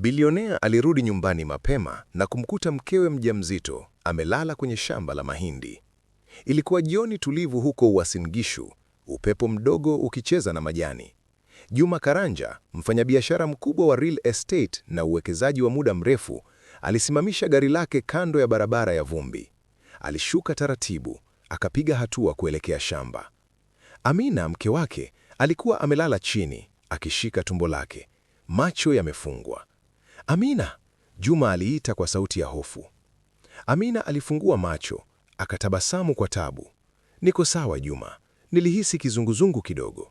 Bilionea alirudi nyumbani mapema na kumkuta mkewe mjamzito amelala kwenye shamba la mahindi. Ilikuwa jioni tulivu huko Uasin Gishu, upepo mdogo ukicheza na majani. Juma Karanja, mfanyabiashara mkubwa wa real estate na uwekezaji wa muda mrefu, alisimamisha gari lake kando ya barabara ya vumbi. Alishuka taratibu, akapiga hatua kuelekea shamba. Amina, mke wake, alikuwa amelala chini akishika tumbo lake, macho yamefungwa. Amina, Juma aliita kwa sauti ya hofu. Amina alifungua macho, akatabasamu kwa tabu. Niko sawa Juma, nilihisi kizunguzungu kidogo.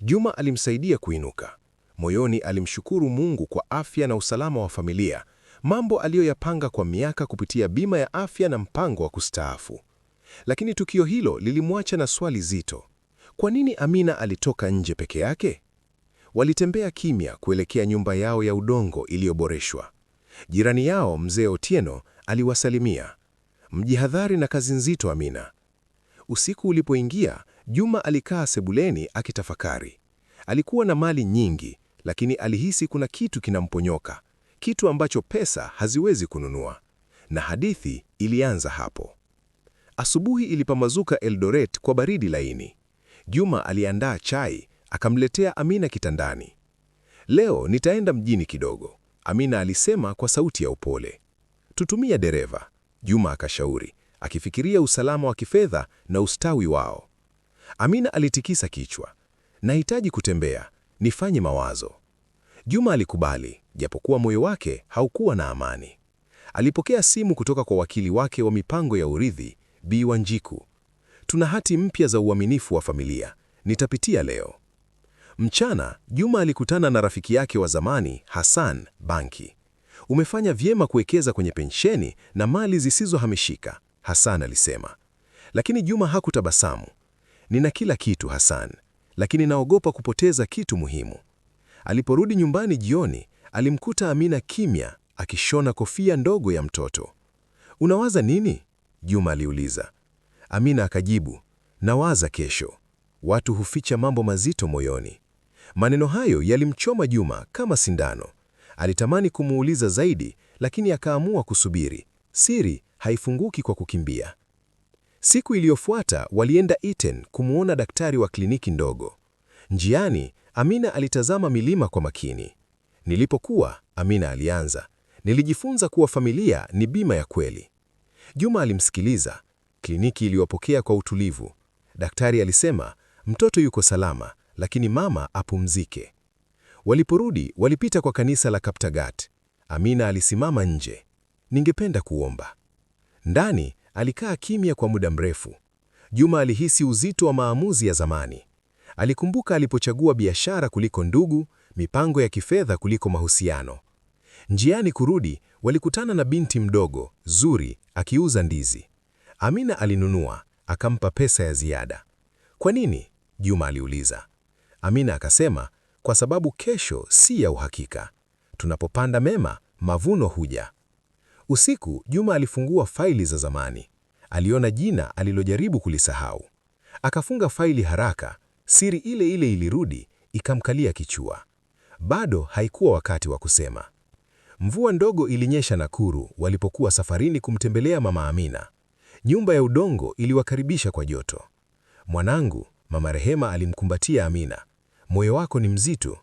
Juma alimsaidia kuinuka. Moyoni alimshukuru Mungu kwa afya na usalama wa familia, mambo aliyoyapanga kwa miaka kupitia bima ya afya na mpango wa kustaafu. Lakini tukio hilo lilimwacha na swali zito. Kwa nini Amina alitoka nje peke yake? Walitembea kimya kuelekea nyumba yao ya udongo iliyoboreshwa. Jirani yao mzee Otieno aliwasalimia, mjihadhari na kazi nzito Amina. Usiku ulipoingia, Juma alikaa sebuleni akitafakari. Alikuwa na mali nyingi, lakini alihisi kuna kitu kinamponyoka, kitu ambacho pesa haziwezi kununua. Na hadithi ilianza hapo. Asubuhi ilipambazuka Eldoret kwa baridi laini. Juma aliandaa chai akamletea Amina kitandani. Leo nitaenda mjini kidogo, Amina alisema kwa sauti ya upole. Tutumia dereva, Juma akashauri, akifikiria usalama wa kifedha na ustawi wao. Amina alitikisa kichwa. Nahitaji kutembea, nifanye mawazo. Juma alikubali, japokuwa moyo wake haukuwa na amani. Alipokea simu kutoka kwa wakili wake wa mipango ya urithi, Bi Wanjiku. Tuna hati mpya za uaminifu wa familia, nitapitia leo. Mchana, Juma alikutana na rafiki yake wa zamani Hassan Banki. Umefanya vyema kuwekeza kwenye pensheni na mali zisizohamishika, Hassan alisema. Lakini Juma hakutabasamu. Nina kila kitu Hassan, lakini naogopa kupoteza kitu muhimu. Aliporudi nyumbani jioni, alimkuta Amina kimya akishona kofia ndogo ya mtoto. Unawaza nini? Juma aliuliza. Amina akajibu, nawaza kesho. Watu huficha mambo mazito moyoni. Maneno hayo yalimchoma Juma kama sindano. Alitamani kumuuliza zaidi, lakini akaamua kusubiri. Siri haifunguki kwa kukimbia. Siku iliyofuata walienda Iten kumwona daktari wa kliniki ndogo. Njiani, Amina alitazama milima kwa makini. Nilipokuwa, Amina alianza, nilijifunza kuwa familia ni bima ya kweli. Juma alimsikiliza. Kliniki iliwapokea kwa utulivu. Daktari alisema, mtoto yuko salama, lakini mama apumzike. Waliporudi walipita kwa kanisa la Kaptagat. Amina alisimama nje. Ningependa kuomba. Ndani alikaa kimya kwa muda mrefu. Juma alihisi uzito wa maamuzi ya zamani. Alikumbuka alipochagua biashara kuliko ndugu, mipango ya kifedha kuliko mahusiano. Njiani kurudi, walikutana na binti mdogo Zuri akiuza ndizi. Amina alinunua, akampa pesa ya ziada. Kwa nini? Juma aliuliza. Amina akasema, kwa sababu kesho si ya uhakika. Tunapopanda mema, mavuno huja. Usiku Juma alifungua faili za zamani. Aliona jina alilojaribu kulisahau. Akafunga faili haraka. Siri ile ile ilirudi, ikamkalia kichwa. Bado haikuwa wakati wa kusema. Mvua ndogo ilinyesha Nakuru walipokuwa safarini kumtembelea Mama Amina. Nyumba ya udongo iliwakaribisha kwa joto. Mwanangu, Mama Rehema alimkumbatia Amina moyo wako ni mzito.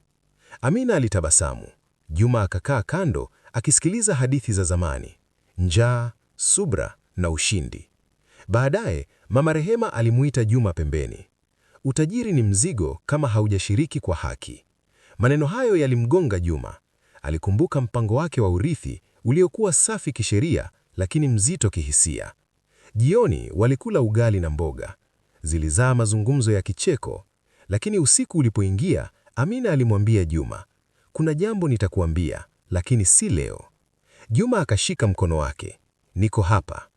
Amina alitabasamu. Juma akakaa kando akisikiliza hadithi za zamani, njaa, subra na ushindi. Baadaye mama Rehema alimuita Juma pembeni. Utajiri ni mzigo kama haujashiriki kwa haki. Maneno hayo yalimgonga Juma. Alikumbuka mpango wake wa urithi uliokuwa safi kisheria, lakini mzito kihisia. Jioni walikula ugali na mboga, zilizaa mazungumzo ya kicheko, lakini usiku ulipoingia, Amina alimwambia Juma, kuna jambo nitakuambia, lakini si leo. Juma akashika mkono wake, niko hapa.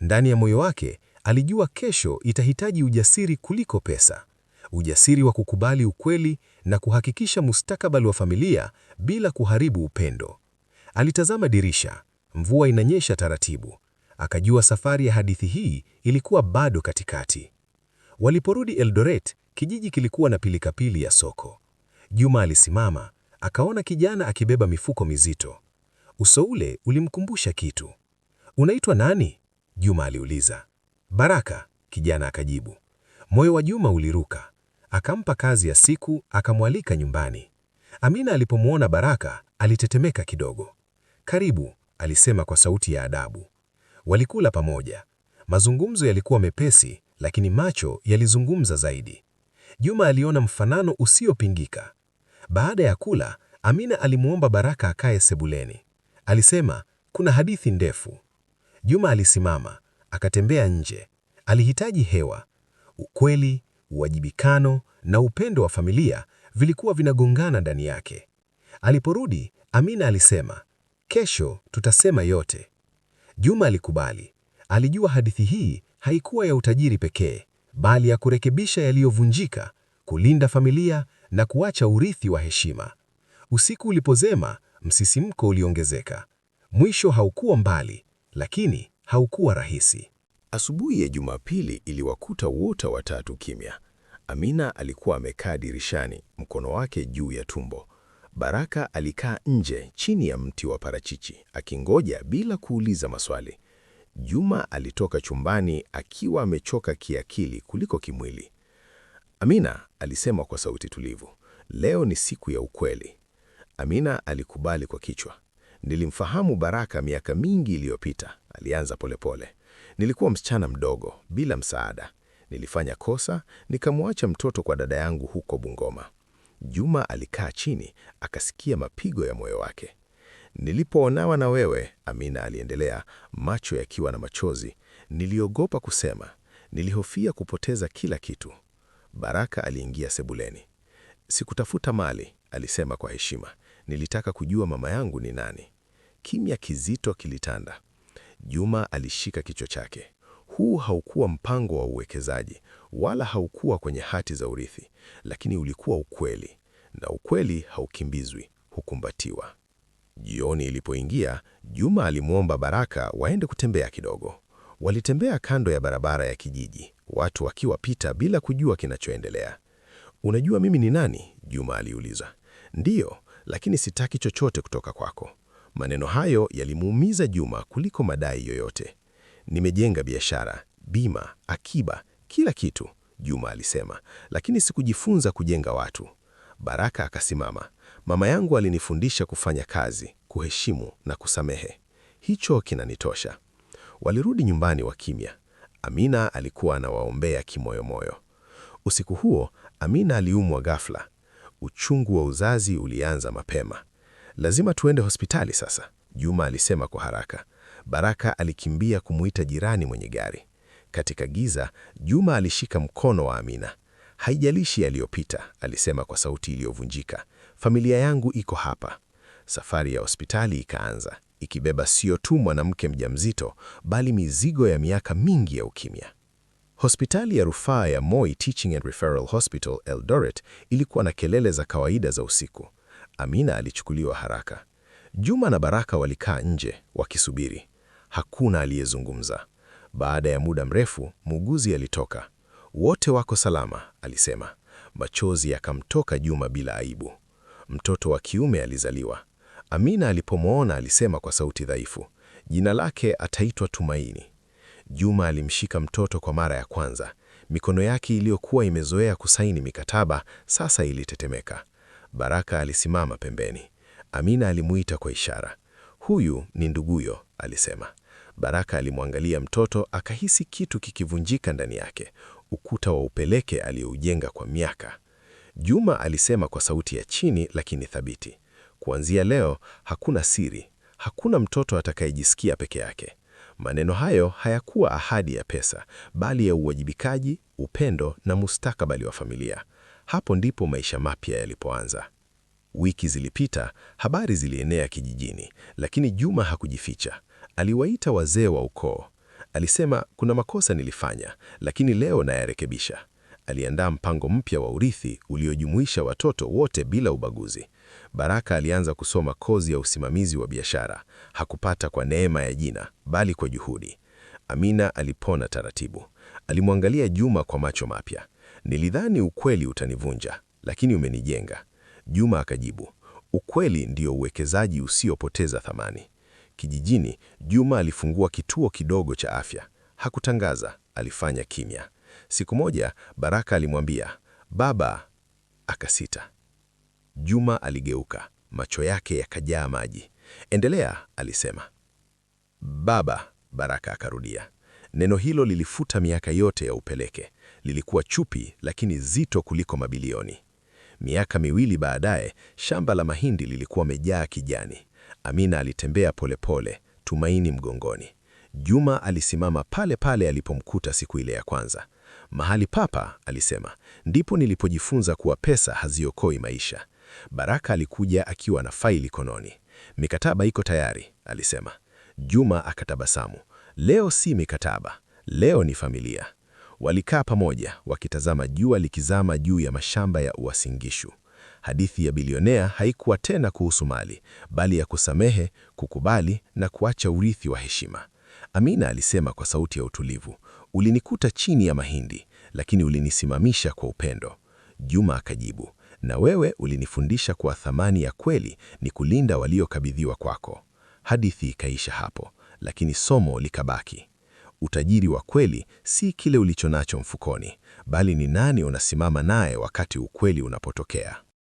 Ndani ya moyo wake alijua kesho itahitaji ujasiri kuliko pesa, ujasiri wa kukubali ukweli na kuhakikisha mustakabali wa familia bila kuharibu upendo. Alitazama dirisha, mvua inanyesha taratibu. Akajua safari ya hadithi hii ilikuwa bado katikati. Waliporudi Eldoret, Kijiji kilikuwa na pilikapili ya soko. Juma alisimama, akaona kijana akibeba mifuko mizito. Uso ule ulimkumbusha kitu. Unaitwa nani? Juma aliuliza. Baraka, kijana akajibu. Moyo wa Juma uliruka. Akampa kazi ya siku, akamwalika nyumbani. Amina alipomwona Baraka, alitetemeka kidogo. Karibu, alisema kwa sauti ya adabu. Walikula pamoja. Mazungumzo yalikuwa mepesi, lakini macho yalizungumza zaidi. Juma aliona mfanano usiopingika. Baada ya kula, Amina alimwomba Baraka akae sebuleni. Alisema, kuna hadithi ndefu. Juma alisimama, akatembea nje. Alihitaji hewa. Ukweli, uwajibikano na upendo wa familia vilikuwa vinagongana ndani yake. Aliporudi, Amina alisema, kesho tutasema yote. Juma alikubali. Alijua hadithi hii haikuwa ya utajiri pekee, bali ya kurekebisha yaliyovunjika, kulinda familia na kuacha urithi wa heshima. Usiku ulipozema, msisimko uliongezeka. Mwisho haukuwa mbali, lakini haukuwa rahisi. Asubuhi ya Jumapili iliwakuta wote watatu kimya. Amina alikuwa amekaa dirishani, mkono wake juu ya tumbo. Baraka alikaa nje chini ya mti wa parachichi, akingoja bila kuuliza maswali. Juma alitoka chumbani akiwa amechoka kiakili kuliko kimwili. Amina alisema kwa sauti tulivu, leo ni siku ya ukweli. Amina alikubali kwa kichwa. Nilimfahamu Baraka miaka mingi iliyopita, alianza polepole. Nilikuwa msichana mdogo bila msaada. Nilifanya kosa, nikamwacha mtoto kwa dada yangu huko Bungoma. Juma alikaa chini, akasikia mapigo ya moyo wake. Nilipoonawa na wewe, Amina aliendelea, macho yakiwa na machozi, niliogopa kusema, nilihofia kupoteza kila kitu. Baraka aliingia sebuleni. Sikutafuta mali, alisema kwa heshima, nilitaka kujua mama yangu ni nani. Kimya kizito kilitanda. Juma alishika kichwa chake. Huu haukuwa mpango wa uwekezaji wala haukuwa kwenye hati za urithi, lakini ulikuwa ukweli, na ukweli haukimbizwi, hukumbatiwa. Jioni ilipoingia, Juma alimwomba Baraka waende kutembea kidogo. Walitembea kando ya barabara ya kijiji, watu wakiwapita bila kujua kinachoendelea. Unajua mimi ni nani? Juma aliuliza. Ndiyo, lakini sitaki chochote kutoka kwako. Maneno hayo yalimuumiza Juma kuliko madai yoyote. Nimejenga biashara, bima, akiba, kila kitu, Juma alisema, lakini sikujifunza kujenga watu. Baraka akasimama. Mama yangu alinifundisha kufanya kazi, kuheshimu na kusamehe. Hicho kinanitosha. Walirudi nyumbani wa kimya. Amina alikuwa anawaombea kimoyomoyo. Usiku huo Amina aliumwa ghafla. Uchungu wa uzazi ulianza mapema. Lazima tuende hospitali sasa, Juma alisema kwa haraka. Baraka alikimbia kumuita jirani mwenye gari. Katika giza, Juma alishika mkono wa Amina. Haijalishi yaliyopita, alisema kwa sauti iliyovunjika. Familia yangu iko hapa. Safari ya hospitali ikaanza, ikibeba sio tu mwanamke mjamzito, bali mizigo ya miaka mingi ya ukimya. Hospitali ya rufaa ya Moi Teaching and Referral Hospital Eldoret ilikuwa na kelele za kawaida za usiku. Amina alichukuliwa haraka. Juma na Baraka walikaa nje wakisubiri. Hakuna aliyezungumza. Baada ya muda mrefu, muuguzi alitoka. Wote wako salama, alisema. Machozi yakamtoka Juma bila aibu mtoto wa kiume alizaliwa. Amina alipomwona alisema kwa sauti dhaifu, jina lake ataitwa Tumaini. Juma alimshika mtoto kwa mara ya kwanza. Mikono yake iliyokuwa imezoea kusaini mikataba sasa ilitetemeka. Baraka alisimama pembeni. Amina alimuita kwa ishara. Huyu ni nduguyo, alisema. Baraka alimwangalia mtoto akahisi kitu kikivunjika ndani yake, ukuta wa upeleke aliyoujenga kwa miaka. Juma alisema kwa sauti ya chini lakini thabiti, kuanzia leo hakuna siri, hakuna mtoto atakayejisikia peke yake. Maneno hayo hayakuwa ahadi ya pesa, bali ya uwajibikaji, upendo na mustakabali wa familia. Hapo ndipo maisha mapya yalipoanza. Wiki zilipita, habari zilienea kijijini, lakini Juma hakujificha. Aliwaita wazee wa ukoo, alisema kuna makosa nilifanya, lakini leo nayarekebisha aliandaa mpango mpya wa urithi uliojumuisha watoto wote bila ubaguzi. Baraka alianza kusoma kozi ya usimamizi wa biashara. Hakupata kwa neema ya jina, bali kwa juhudi. Amina alipona taratibu. Alimwangalia Juma kwa macho mapya. Nilidhani ukweli utanivunja, lakini umenijenga. Juma akajibu, ukweli ndio uwekezaji usiopoteza thamani. Kijijini, Juma alifungua kituo kidogo cha afya. Hakutangaza, alifanya kimya. Siku moja Baraka alimwambia, "Baba," akasita. Juma aligeuka, macho yake yakajaa maji. "Endelea," alisema. "Baba," Baraka akarudia. Neno hilo lilifuta miaka yote ya upeleke. Lilikuwa chupi lakini zito kuliko mabilioni. Miaka miwili baadaye, shamba la mahindi lilikuwa mejaa kijani. Amina alitembea polepole pole, tumaini mgongoni. Juma alisimama pale pale alipomkuta siku ile ya kwanza. Mahali papa, alisema, ndipo nilipojifunza kuwa pesa haziokoi maisha. Baraka alikuja akiwa na faili kononi. Mikataba iko tayari, alisema. Juma akatabasamu. Leo si mikataba, leo ni familia. Walikaa pamoja wakitazama jua likizama juu ya mashamba ya Uasingishu. Hadithi ya bilionea haikuwa tena kuhusu mali, bali ya kusamehe, kukubali na kuacha urithi wa heshima. Amina alisema kwa sauti ya utulivu, Ulinikuta chini ya mahindi, lakini ulinisimamisha kwa upendo. Juma akajibu, na wewe ulinifundisha kuwa thamani ya kweli ni kulinda waliokabidhiwa kwako. Hadithi ikaisha hapo, lakini somo likabaki. Utajiri wa kweli si kile ulichonacho mfukoni, bali ni nani unasimama naye wakati ukweli unapotokea.